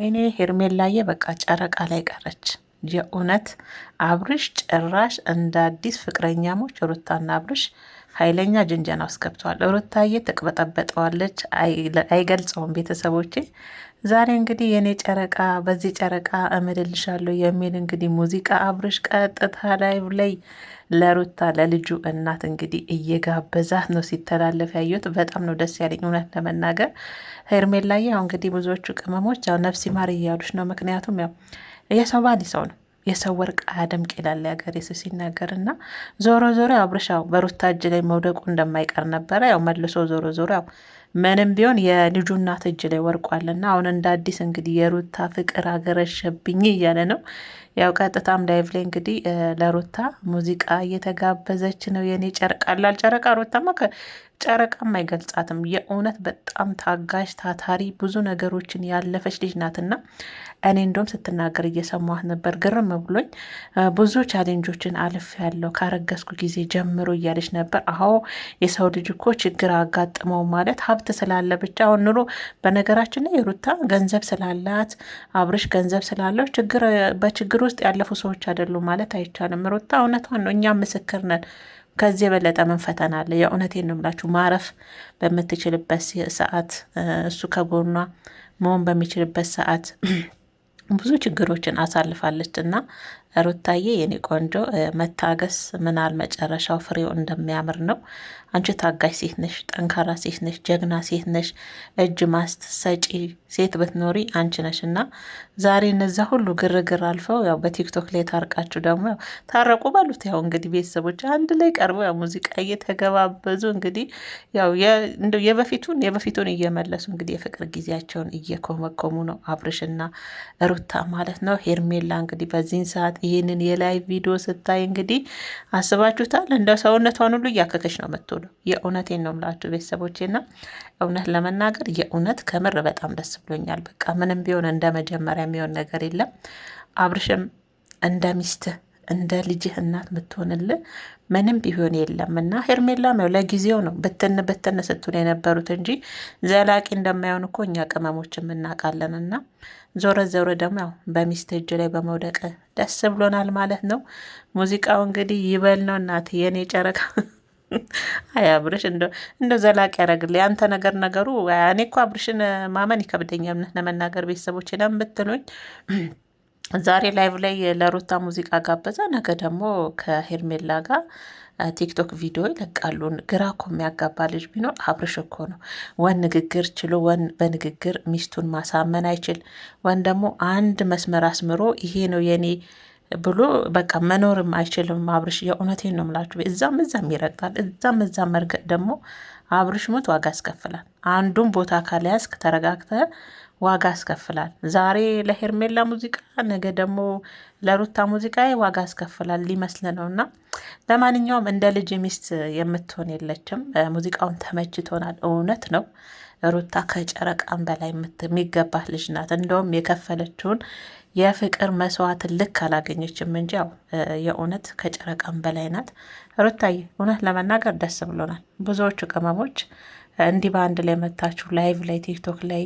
ወይኔ ሄርሜላዬ በቃ ጨረቃ ላይ ቀረች። የእውነት አብርሽ ጭራሽ እንደ አዲስ ፍቅረኛሞች ሩታና አብርሽ ኃይለኛ ጅንጀና ውስጥ ገብተዋል። ሩታዬ ትቅበጠበጠዋለች፣ አይገልጸውም። ቤተሰቦች ዛሬ እንግዲህ የእኔ ጨረቃ በዚህ ጨረቃ እምልልሻለሁ የሚል እንግዲህ ሙዚቃ አብርሽ ቀጥታ ላይቭ ላይ ለሩታ ለልጁ እናት እንግዲህ እየጋበዛት ነው ሲተላለፍ ያዩት። በጣም ነው ደስ ያለኝ እውነት ለመናገር ሄርሜላዬ። ያው እንግዲህ ብዙዎቹ ቅመሞች ያው ነፍስ ይማር እያሉሽ ነው። ምክንያቱም ያው የሰው ባል ሰው ነው የሰው ወርቅ አያደምቅ ይላል የሀገሬ ሰው ሲናገር እና ዞሮ ዞሮ አብርሻው በሩታ እጅ ላይ መውደቁ እንደማይቀር ነበረ። ያው መልሶ ዞሮ ዞሮ ያው ምንም ቢሆን የልጁ እናት እጅ ላይ ወርቋልና አሁን እንደ አዲስ እንግዲህ የሩታ ፍቅር አገረሸብኝ እያለ ነው ያው ቀጥታም ላይቭ ላይ እንግዲህ ለሩታ ሙዚቃ እየተጋበዘች ነው። የኔ ጨረቃ ላል ጨረቃ ሩታማ ጨረቃም አይገልጻትም። የእውነት በጣም ታጋሽ፣ ታታሪ ብዙ ነገሮችን ያለፈች ልጅ ናትና እኔ እንደውም ስትናገር እየሰማት ነበር፣ ግርም ብሎኝ ብዙ ቻሌንጆችን አልፍ ያለው ካረገዝኩ ጊዜ ጀምሮ እያለች ነበር። አዎ የሰው ልጅ እኮ ችግር አጋጥመው ማለት ሀብት ስላለ ብቻ አሁን ኑሮ በነገራችን ላይ የሩታ ገንዘብ ስላላት አብርሽ ገንዘብ ስላለው ችግር በችግሩ ውስጥ ያለፉ ሰዎች አይደሉም ማለት አይቻልም። ሩታ እውነቷን ነው፣ እኛም ምስክር ነን። ከዚህ የበለጠ ምን ፈተና አለ? የእውነቴን ነው የምላችሁ። ማረፍ በምትችልበት ሰዓት፣ እሱ ከጎኗ መሆን በሚችልበት ሰዓት ብዙ ችግሮችን አሳልፋለች እና ሩታዬ የኔ ቆንጆ መታገስ ምናል መጨረሻው ፍሬው እንደሚያምር ነው። አንቺ ታጋሽ ሴት ነሽ፣ ጠንካራ ሴት ነሽ፣ ጀግና ሴት ነሽ፣ እጅ ማስት ሰጪ ሴት ብትኖሪ አንቺ ነሽ እና ዛሬ እነዛ ሁሉ ግርግር አልፈው ያው በቲክቶክ ላይ ታርቃችሁ ደግሞ ያው ታረቁ ባሉት ያው እንግዲህ ቤተሰቦች አንድ ላይ ቀርበው ያው ሙዚቃ እየተገባበዙ እንግዲህ ያው እንደው የበፊቱን የበፊቱን እየመለሱ እንግዲህ የፍቅር ጊዜያቸውን እየኮመኮሙ ነው አብርሽና ሩታ ማለት ነው። ሄርሜላ እንግዲህ በዚህን ሰዓት ይህንን የላይ ቪዲዮ ስታይ እንግዲህ አስባችሁታል። እንደ ሰውነቷን ሁሉ እያከከች ነው የምትውለው። የእውነቴን ነው የምላችሁ ቤተሰቦቼና እውነት ለመናገር የእውነት ከምር በጣም ደስ ብሎኛል። በቃ ምንም ቢሆን እንደ መጀመሪያ የሚሆን ነገር የለም። አብርሽም እንደ ሚስትህ እንደ ልጅህ እናት የምትሆንልህ ምንም ቢሆን የለም እና ሄርሜላም ያው ለጊዜው ነው ብትን ብትን ስትሆን የነበሩት እንጂ ዘላቂ እንደማይሆን እኮ እኛ ቅመሞች የምናውቃለን። እና ዞረ ዞረ ደግሞ ያው በሚስት እጅ ላይ በመውደቅ ደስ ብሎናል ማለት ነው። ሙዚቃው እንግዲህ ይበል ነው እናት የኔ ጨረቃ አይ አብርሽ እንደ ዘላቂ ያደረግል ያንተ ነገር ነገሩ። እኔ እኮ አብርሽን ማመን ይከብደኛል ለመናገር ቤተሰቦች ለምትሉኝ ብትሉኝ ዛሬ ላይቭ ላይ ለሩታ ሙዚቃ ጋበዛ፣ ነገ ደግሞ ከሄርሜላ ጋር ቲክቶክ ቪዲዮ ይለቃሉ። ግራ እኮ የሚያጋባ ልጅ ቢኖር አብርሽ እኮ ነው። ወን ንግግር ችሎ ወን በንግግር ሚስቱን ማሳመን አይችል ወን ደግሞ አንድ መስመር አስምሮ ይሄ ነው የኔ ብሎ በቃ መኖርም አይችልም አብርሽ። የእውነቴን ነው የምላችሁ። እዛም እዛም ይረግጣል፣ እዛም እዛም መርገጥ ደግሞ አብርሽ ሙት ዋጋ ያስከፍላል። አንዱን ቦታ ካልያዝክ ተረጋግተ ዋጋ ያስከፍላል። ዛሬ ለሄርሜላ ሙዚቃ፣ ነገ ደግሞ ለሩታ ሙዚቃ ዋጋ ያስከፍላል ሊመስል ነው። እና ለማንኛውም እንደ ልጅ ሚስት የምትሆን የለችም። ሙዚቃውን ተመችቶናል፣ እውነት ነው። ሩታ ከጨረቃም በላይ የሚገባት ልጅ ናት። እንደውም የከፈለችውን የፍቅር መስዋዕትን ልክ አላገኘችም እንጂ ያው የእውነት ከጨረቃም በላይ ናት ሩታዬ። እውነት ለመናገር ደስ ብሎናል። ብዙዎቹ ቅመሞች እንዲህ በአንድ ላይ መታችሁ ላይቭ ላይ ቲክቶክ ላይ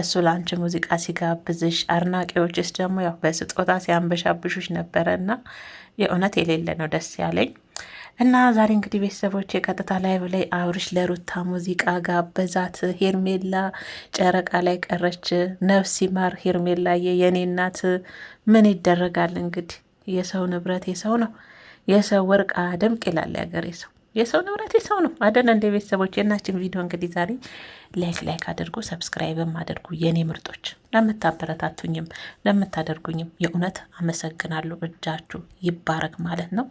እሱ ለአንቺ ሙዚቃ ሲጋብዝሽ፣ አድናቂዎችስ ደግሞ ያው በስጦታ ሲያንበሻብሹሽ ነበረ እና የእውነት የሌለ ነው ደስ ያለኝ። እና ዛሬ እንግዲህ ቤተሰቦች የቀጥታ ላይቭ ላይ አብርሽ ለሩታ ሙዚቃ ጋበዛት። ሄርሜላ ጨረቃ ላይ ቀረች። ነፍሲ ማር ሄርሜላ የኔ እናት። ምን ይደረጋል እንግዲህ የሰው ንብረት የሰው ነው፣ የሰው ወርቅ አደምቅ ይላል ያገሬ ሰው። የሰው ንብረት የሰው ነው አደለ? እንደ ቤተሰቦች የእናችን ቪዲዮ እንግዲህ ዛሬ ላይክ ላይክ አድርጉ፣ ሰብስክራይብም አድርጉ። የኔ ምርጦች ለምታበረታቱኝም ለምታደርጉኝም የእውነት አመሰግናለሁ። እጃችሁ ይባረክ ማለት ነው።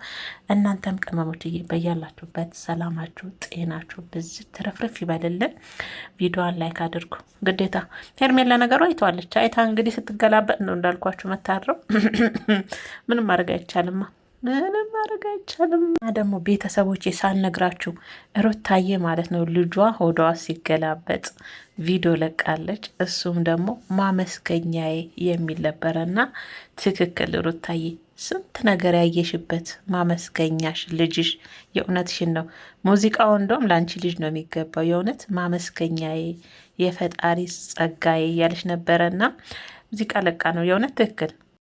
እናንተም ቅመሞች በያላችሁበት ሰላማችሁ፣ ጤናችሁ ብዝ ትርፍርፍ ይበልልን። ቪዲዮዋን ላይክ አድርጉ ግዴታ። ሄርሜላ ነገሩ አይተዋለች። አይታ እንግዲህ ስትገላበጥ ነው እንዳልኳችሁ መታረው ምንም ማድረግ አይቻልማ። ምንም ማድረግ አይቻልም። ደግሞ ቤተሰቦች ሳልነግራችሁ ሩታዬ ማለት ነው ልጇ ሆዷ ሲገላበጥ ቪዲዮ ለቃለች። እሱም ደግሞ ማመስገኛዬ የሚል ነበረና ትክክል ሩታዬ፣ ስንት ነገር ያየሽበት ማመስገኛሽ ልጅሽ። የእውነትሽን ነው። ሙዚቃው እንደውም ለአንቺ ልጅ ነው የሚገባው። የእውነት ማመስገኛዬ፣ የፈጣሪ ጸጋዬ ያለሽ ነበረና ሙዚቃ ለቃ ነው የእውነት ትክክል